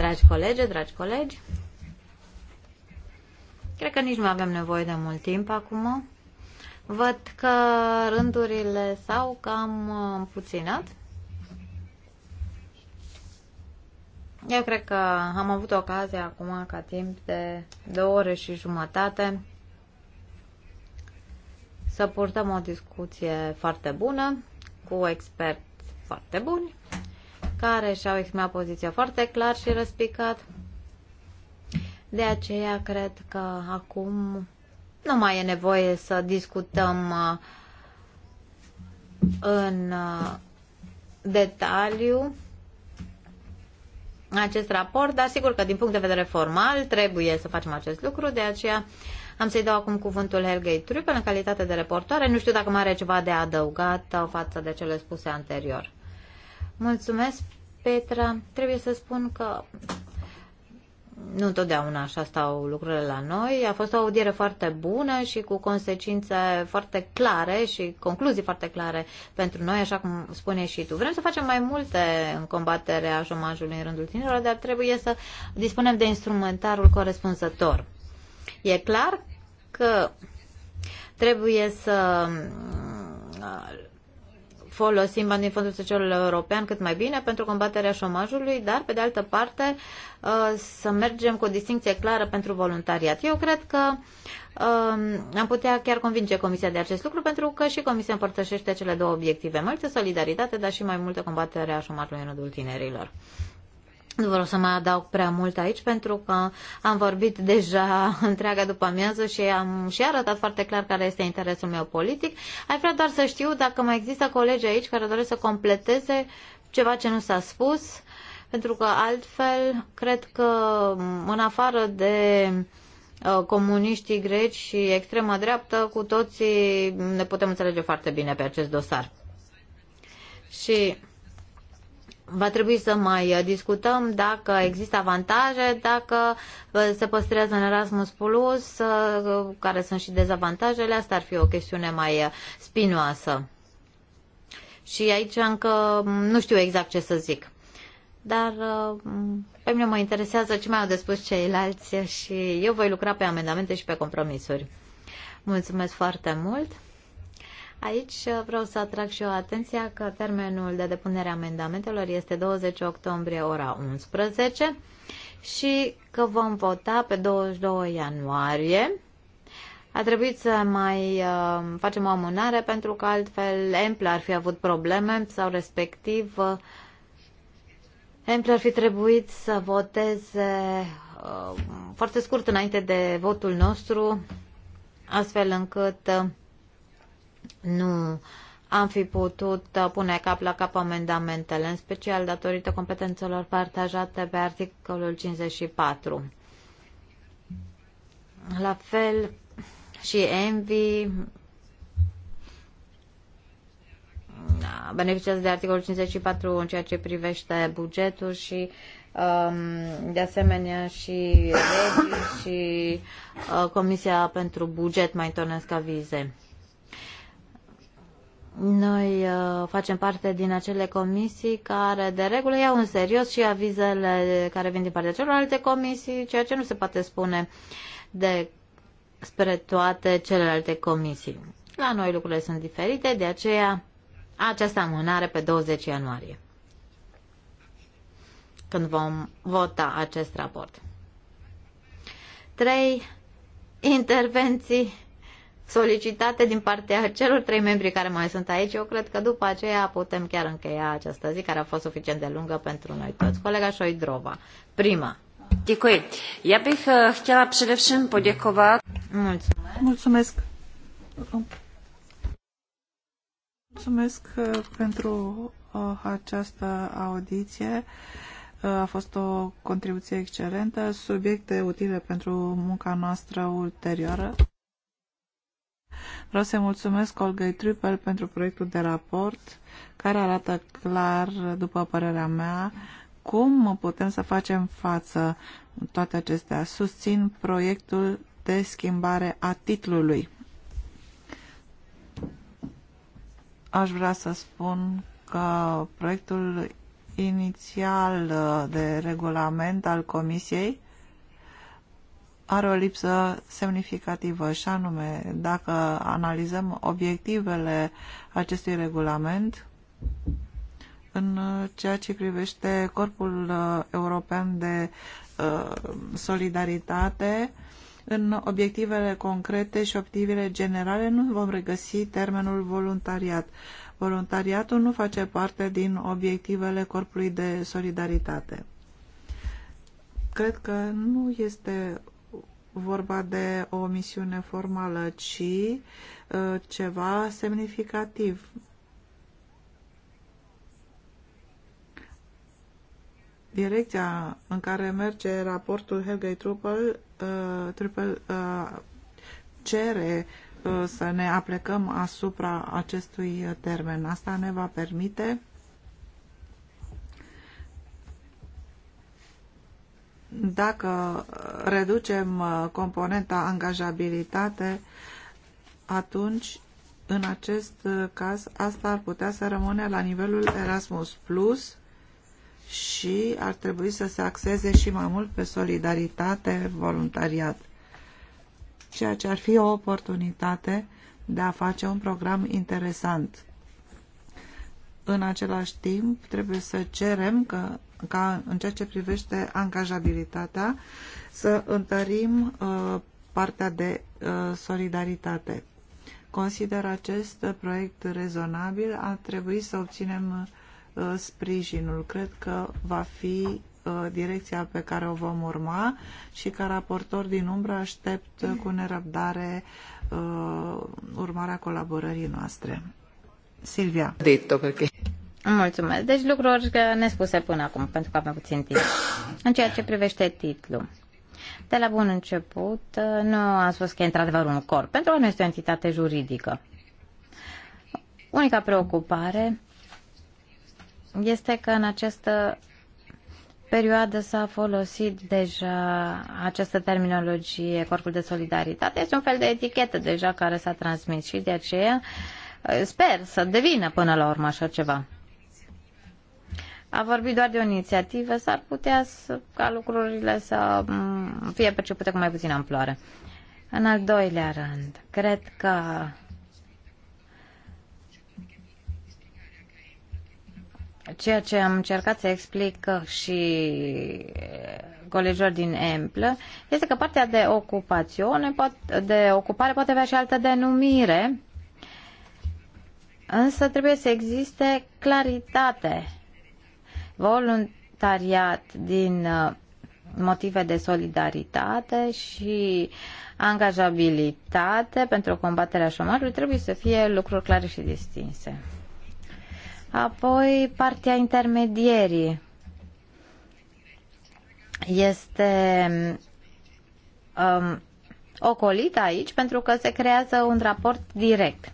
Dragi colegi, dragi colegi, cred că nici nu avem nevoie de mult timp acum. Văd că rândurile s-au cam uh, puținat. Eu cred că am avut ocazia acum ca timp de două ore și jumătate să purtăm o discuție foarte bună cu experți foarte buni care și-au exprimat poziția foarte clar și răspicat. De aceea cred că acum nu mai e nevoie să discutăm uh, în uh, detaliu acest raport, dar sigur că din punct de vedere formal trebuie să facem acest lucru, de aceea am să-i dau acum cuvântul Helgei Trupel în calitate de reportoare. Nu știu dacă mai are ceva de adăugat uh, față de cele spuse anterior. Mulțumesc, Petra. Trebuie să spun că nu întotdeauna așa stau lucrurile la noi. A fost o audiere foarte bună și cu consecințe foarte clare și concluzii foarte clare pentru noi, așa cum spune și tu. Vrem să facem mai multe în combaterea șomajului în rândul tinerilor, dar trebuie să dispunem de instrumentarul corespunzător. E clar că trebuie să folosim bani din Fondul Social European cât mai bine pentru combaterea șomajului, dar, pe de altă parte, uh, să mergem cu o distinție clară pentru voluntariat. Eu cred că um, am putea chiar convinge Comisia de acest lucru, pentru că și Comisia împărtășește cele două obiective, multă solidaritate, dar și mai multă combaterea șomajului în rândul tinerilor. Nu vreau să mai adaug prea mult aici pentru că am vorbit deja întreaga după amiază și am și arătat foarte clar care este interesul meu politic. Aș vrea doar să știu dacă mai există colegi aici care doresc să completeze ceva ce nu s-a spus, pentru că altfel cred că în afară de uh, comuniștii greci și extrema dreaptă, cu toții ne putem înțelege foarte bine pe acest dosar. Și va trebui să mai discutăm dacă există avantaje, dacă uh, se păstrează în Erasmus Plus, uh, care sunt și dezavantajele, asta ar fi o chestiune mai uh, spinoasă. Și aici încă mm, nu știu exact ce să zic. Dar pe mine mă interesează ce mai au de spus ceilalți și eu voi lucra pe amendamente și pe compromisuri. Mulțumesc foarte mult! Aici vreau să atrag și eu atenția că termenul de depunere a amendamentelor este 20 octombrie ora 11 și că vom vota pe 22 ianuarie. A trebuit să mai uh, facem o amânare pentru că altfel Emple ar fi avut probleme sau respectiv uh, Emple ar fi trebuit să voteze uh, foarte scurt înainte de votul nostru, astfel încât uh, nu am fi putut pune cap la cap amendamentele, în special datorită competențelor partajate pe articolul 54. La fel și ENVI beneficiază de articolul 54 în ceea ce privește bugetul și um, de asemenea și Regi și uh, Comisia pentru Buget mai întâlnesc avize. Noi uh, facem parte din acele comisii care de regulă iau în serios și avizele care vin din partea celorlalte comisii, ceea ce nu se poate spune de spre toate celelalte comisii. La noi lucrurile sunt diferite, de aceea această amânare pe 20 ianuarie, când vom vota acest raport. Trei Intervenții solicitate din partea celor trei membri care mai sunt aici. Eu cred că după aceea putem chiar încheia această zi care a fost suficient de lungă pentru noi toți. Colega Șoidrova, prima. Děkuji. Já bych eh, chtěla především poděkovat. Mulțumesc. Mulțumesc. Mulțumesc eh, pentru eh, această audiție. A fost o contribuție excelentă, subiecte utile pentru munca noastră ulterioară. Vreau să mulțumesc Olgei Trupel pentru proiectul de raport care arată clar, după părerea mea, cum putem să facem față toate acestea. Susțin proiectul de schimbare a titlului. Aș vrea să spun că proiectul inițial de regulament al Comisiei are o lipsă semnificativă și anume, dacă analizăm obiectivele acestui regulament, în uh, ceea ce privește Corpul uh, European de uh, Solidaritate, în obiectivele concrete și obiectivele generale nu vom regăsi termenul voluntariat. Voluntariatul nu face parte din obiectivele Corpului de Solidaritate. Cred că nu este vorba de o misiune formală, ci uh, ceva semnificativ. Direcția în care merge raportul Helgei Truppel, uh, Truppel uh, cere uh, să ne aplecăm asupra acestui termen. Asta ne va permite Dacă reducem uh, componenta angajabilitate, atunci, în acest uh, caz, asta ar putea să rămâne la nivelul Erasmus Plus și ar trebui să se axeze și mai mult pe solidaritate, voluntariat, ceea ce ar fi o oportunitate de a face un program interesant în același timp trebuie să cerem că, ca în ceea ce privește angajabilitatea să întărim uh, partea de uh, solidaritate. Consider acest proiect rezonabil, ar trebui să obținem uh, sprijinul. Cred că va fi uh, direcția pe care o vom urma și ca raportor din umbră aștept cu nerăbdare uh, urmarea colaborării noastre. Silvia. Detto perché... Mulțumesc. Deci lucruri nespuse până acum, pentru că avem puțin timp. În ceea ce privește titlul. De la bun început, nu am spus că e într-adevăr un corp, pentru că nu este o entitate juridică. Unica preocupare este că în această perioadă s-a folosit deja această terminologie, corpul de solidaritate. Este un fel de etichetă deja care s-a transmis și de aceea uh, Eh, sper să devină până la urmă așa ceva. A vorbit doar de o inițiativă, s-ar putea să, ca lucrurile să mm, fie percepute cu mai puțină amploare. În al doilea rând, cred că ceea ce am încercat să explic și colegilor din Emplă este că partea de ocupațiune, de ocupare poate avea și altă denumire Însă trebuie să existe claritate. Voluntariat din uh, motive de solidaritate și angajabilitate pentru combaterea șomajului trebuie să fie lucruri clare și distinse. Apoi, partea intermedierii este um, ocolită aici pentru că se creează un raport direct.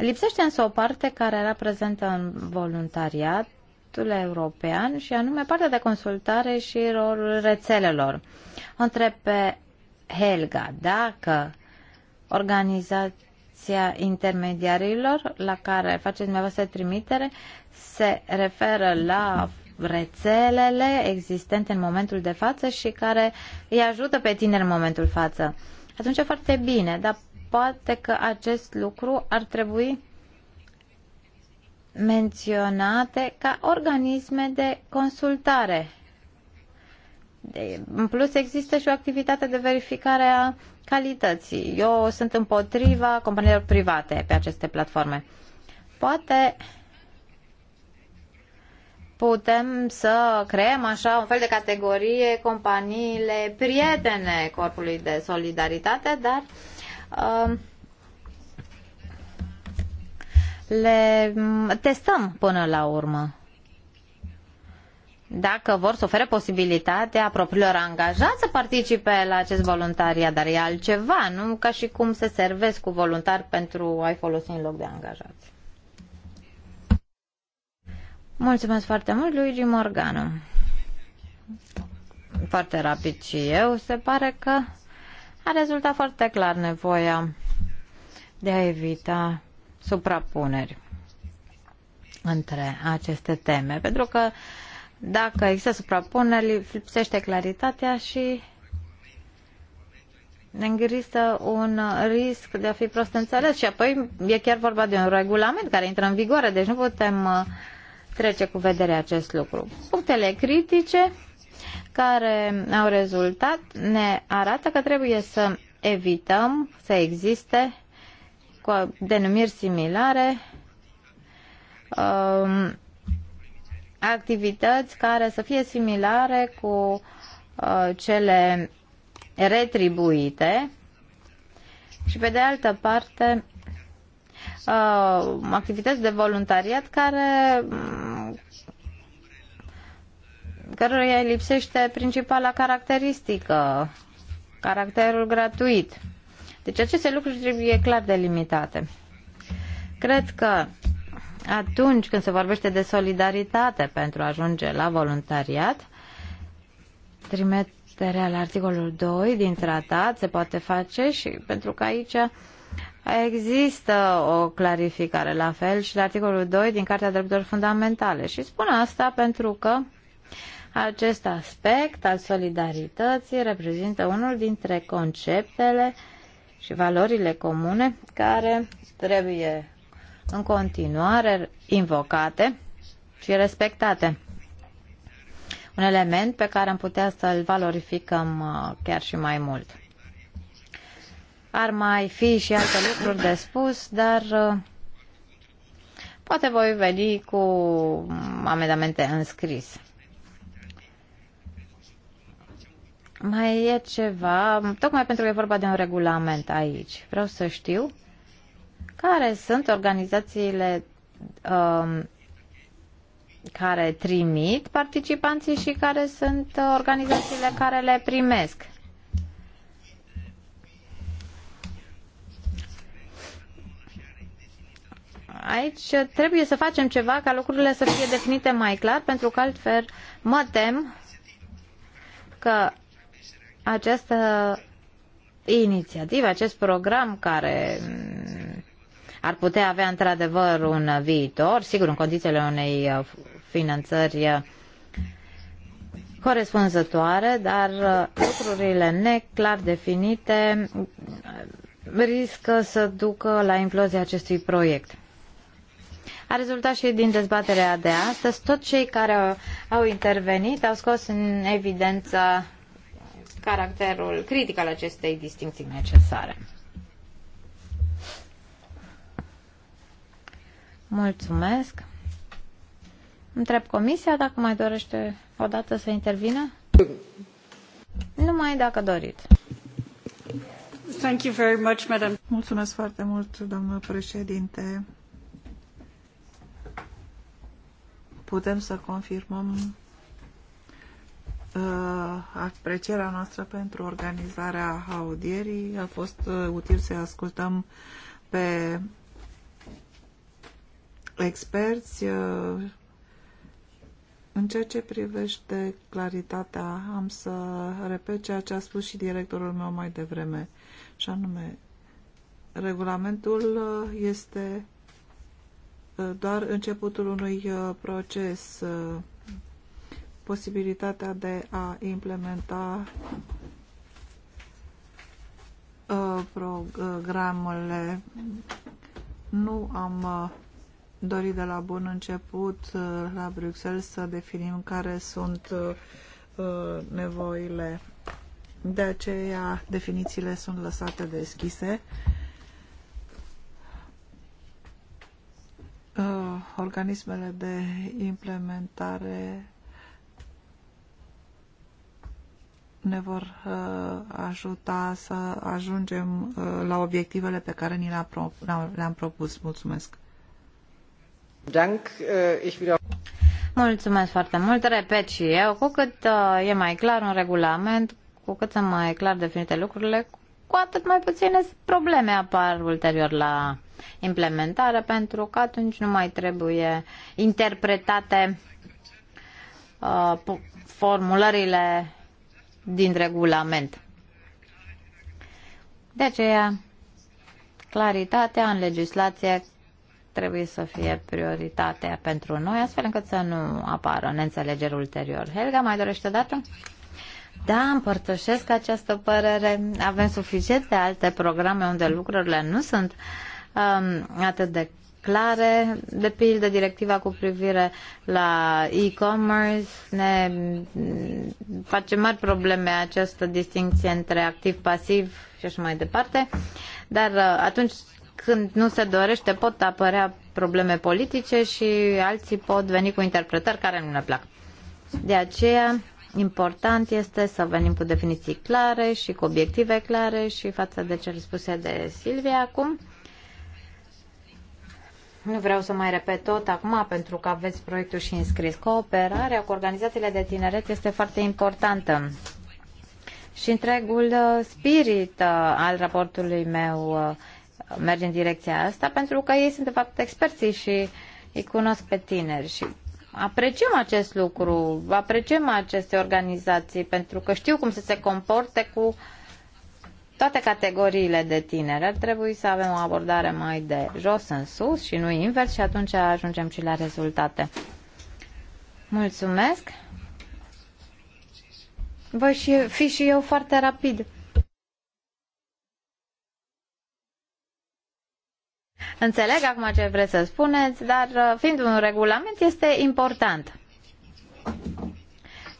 Lipsește însă o parte care reprezintă în voluntariatul european și anume partea de consultare și rolul rețelelor. O întreb pe Helga dacă organizația intermediarilor la care faceți dumneavoastră trimitere se referă la rețelele existente în momentul de față și care îi ajută pe tineri în momentul față. Atunci e foarte bine, dar Poate că acest lucru ar trebui menționate ca organisme de consultare. În plus, există și o activitate de verificare a calității. Eu sunt împotriva companiilor private pe aceste platforme. Poate putem să creăm așa un fel de categorie companiile prietene Corpului de Solidaritate, dar uh, le testăm până la urmă. Dacă vor să ofere posibilitatea propriilor angajați să participe la acest voluntariat, dar e altceva, nu ca și cum se servesc cu voluntari pentru a-i folosi în loc de angajați. Mulțumesc foarte mult, Luigi Morgano. Foarte rapid și eu. Se pare că a rezultat foarte clar nevoia de a evita suprapuneri între aceste teme, pentru că dacă există suprapuneri, lipsește claritatea și există un risc de a fi prost înțeles și apoi e chiar vorba de un regulament care intră în vigoare, deci nu putem uh, trece cu vedere acest lucru. Punctele critice care au rezultat ne arată că trebuie să evităm să existe cu denumiri similare um, activități care să fie similare cu uh, cele retribuite și pe de altă parte uh, activități de voluntariat care căruia îi lipsește principala caracteristică, caracterul gratuit. Deci aceste lucruri trebuie clar delimitate. Cred că atunci când se vorbește de solidaritate pentru a ajunge la voluntariat, trimiterea la articolul 2 din tratat se poate face și pentru că aici există o clarificare la fel și la articolul 2 din Cartea Drepturilor Fundamentale. Și spun asta pentru că acest aspect al solidarității reprezintă unul dintre conceptele și valorile comune care trebuie în continuare invocate și respectate. Un element pe care am putea să-l valorificăm uh, chiar și mai mult. Ar mai fi și alte lucruri de spus, dar uh, poate voi veni cu amendamente înscris. Mai e ceva, tocmai pentru că e vorba de un regulament aici. Vreau să știu care sunt organizațiile um, care trimit participanții și care sunt uh, organizațiile care le primesc. Aici trebuie să facem ceva ca lucrurile să fie definite mai clar, pentru că altfel mă tem că această inițiativă, acest program care mm, ar putea avea într-adevăr un viitor, sigur în condițiile unei uh, finanțări uh, corespunzătoare, dar uh, lucrurile neclar definite mm, riscă să ducă la implozia acestui proiect. A rezultat și din dezbaterea de astăzi, tot cei care au, au intervenit au scos în evidență caracterul critic al acestei distinții necesare. Mulțumesc. Întreb comisia dacă mai dorește o dată să intervină. Numai dacă doriți. Thank you very much, madam. Mulțumesc foarte mult, doamnă președinte. Putem să confirmăm aprecierea noastră pentru organizarea audierii. A fost uh, util să ascultăm pe experți uh, în ceea ce privește claritatea, am să repet ceea ce a spus și directorul meu mai devreme, și anume, regulamentul uh, este doar începutul unui proces posibilitatea de a implementa uh, programele. Nu am uh, dorit de la bun început uh, la Bruxelles să definim care sunt nevoile. De aceea definițiile sunt lăsate deschise. Organismele de implementare ne vor uh, ajuta să ajungem uh, la obiectivele pe care ni le-am propus. Mulțumesc! Uh, Mulțumesc foarte mult. Repet și eu, cu cât e mai clar un regulament, cu cât sunt mai clar definite lucrurile, cu atât mai puține probleme apar ulterior la implementare, pentru că atunci nu mai trebuie interpretate uh, formulările din regulament. De aceea, claritatea în legislație trebuie să fie prioritatea pentru noi, astfel încât să nu apară neînțelegeri ulterior. Helga, mai dorește o dată? Da, împărtășesc această părere. Avem suficiente alte programe unde lucrurile nu sunt um, atât de clare, de pildă directiva cu privire la e-commerce, ne face mari probleme această distinție între activ-pasiv și așa mai departe, dar uh, atunci când nu se dorește pot apărea probleme politice și alții pot veni cu interpretări care nu ne plac. De aceea, important este să venim cu definiții clare și cu obiective clare și față de cele spuse de Silvia acum, nu vreau să mai repet tot acum, pentru că aveți proiectul și înscris. Cooperarea cu organizațiile de tineret este foarte importantă. Și întregul uh, spirit uh, al raportului meu uh, merge în direcția asta, pentru că ei sunt, de fapt, experții și îi cunosc pe tineri. Și apreciem acest lucru, apreciem aceste organizații, pentru că știu cum să se comporte cu uh, toate categoriile de tineri. Ar trebui să avem o abordare mai de jos în sus și nu invers și atunci ajungem și la rezultate. Mulțumesc! Voi și, fi și eu foarte rapid. Înțeleg acum ce vreți să spuneți, dar uh, fiind un regulament, este important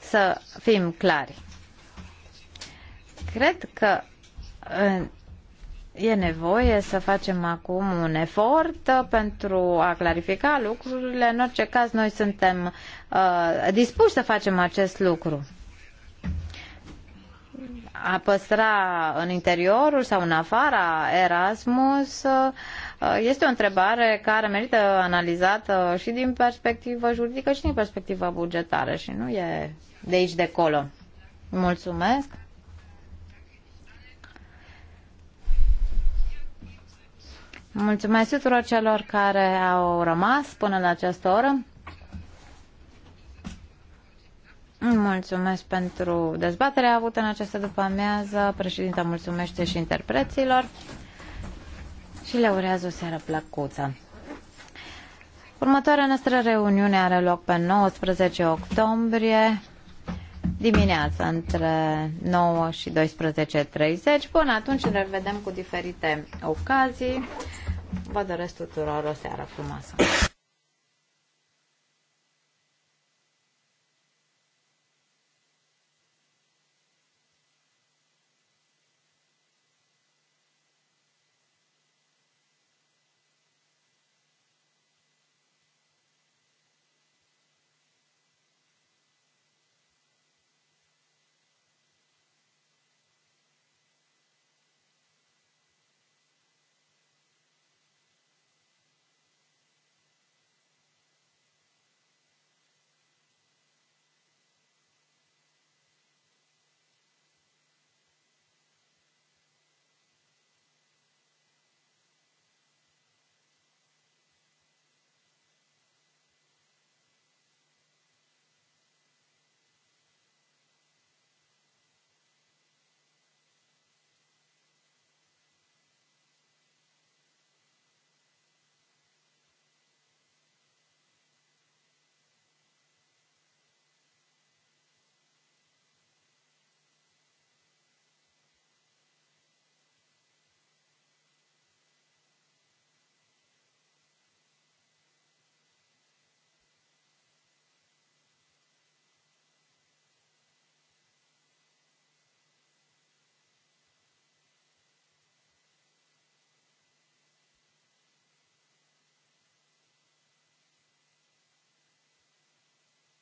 să fim clari. Cred că e nevoie să facem acum un efort pentru a clarifica lucrurile. În orice caz, noi suntem uh, dispuși să facem acest lucru. A păstra în interiorul sau în afara Erasmus uh, este o întrebare care merită analizată și din perspectivă juridică și din perspectiva bugetară și nu e de aici de acolo. Mulțumesc! Mulțumesc tuturor celor care au rămas până la această oră. Mulțumesc pentru dezbaterea avută în această după-amiază. Președinta mulțumește și interpreților și le urează o seară plăcuță. Următoarea noastră reuniune are loc pe 19 octombrie dimineața între 9 și 12.30. Până atunci ne revedem cu diferite ocazii. Vă doresc tuturor o seară frumoasă.